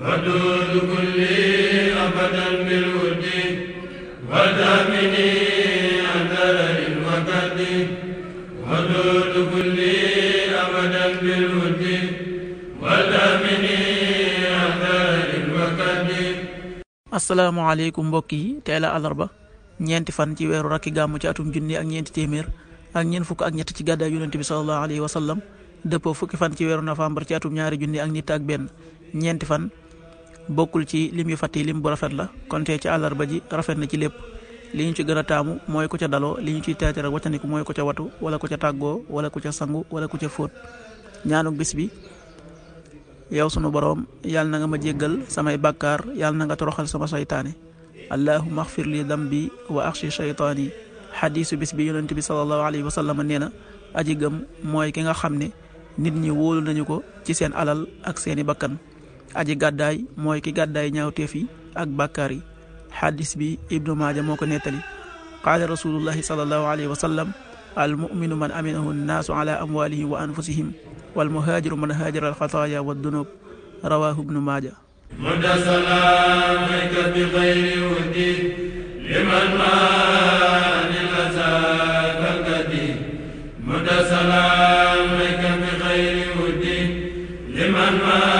ودود كلي أبدا بالود ودامني أدر وكد ودود كلي أبدا بالود ودامني أدر وكد asalaamaaleykum mbokk yi tey la àllarba ñeenti fan ci weeru rakki gàmmu ci atum junni ak ñeenti téeméer ak ñeent fukk ak ñett ci gàddaay yonent bi sallallahu alayhi wa sallam fukki fan ci weeru novembre ci atum ñaari junni ak nit ak benn ñeenti fan bokkul ci lim yu fàtte lim bu rafet la konte ci àllarba ji rafet na ci lépp li ñu ci gën a taamu mooy ko ca daloo li ñu ciy teetere waccandiku mooy ko ca watu wala ku ca tàggoo wala ko ca sangu wala ko ca fóot ñaanuk bis bi yow sunu boroom yàlla na nga ma jéggal samay bàkkaar yàlla na nga toroxal sama saytaane allahuma axfir li bi wa axshi shaytaani xadiisu bis bi yonent bi sallallahu alayhi wa sallam nee na aji gëm mooy ki nga xam ne nit ñi wóolu nañu ko ci seen alal ak seeni bakkan aji gàddaay mooy ki gàddaay ñaawteef yi ak bàkkaar yi xadis bi ibnu maaja moo ko nettali qaala rasulullahi salallahu alayhi wa sallam al muminu man aminahu nnaasu ala amwalihim wa anfusihim wal muhaajiru man haajara al xataaya wa dunub rawaahu ibnu maaja مد سلامك بغير ودي لمن ما لغزاك القديم مد سلامك بغير ودي لمن ما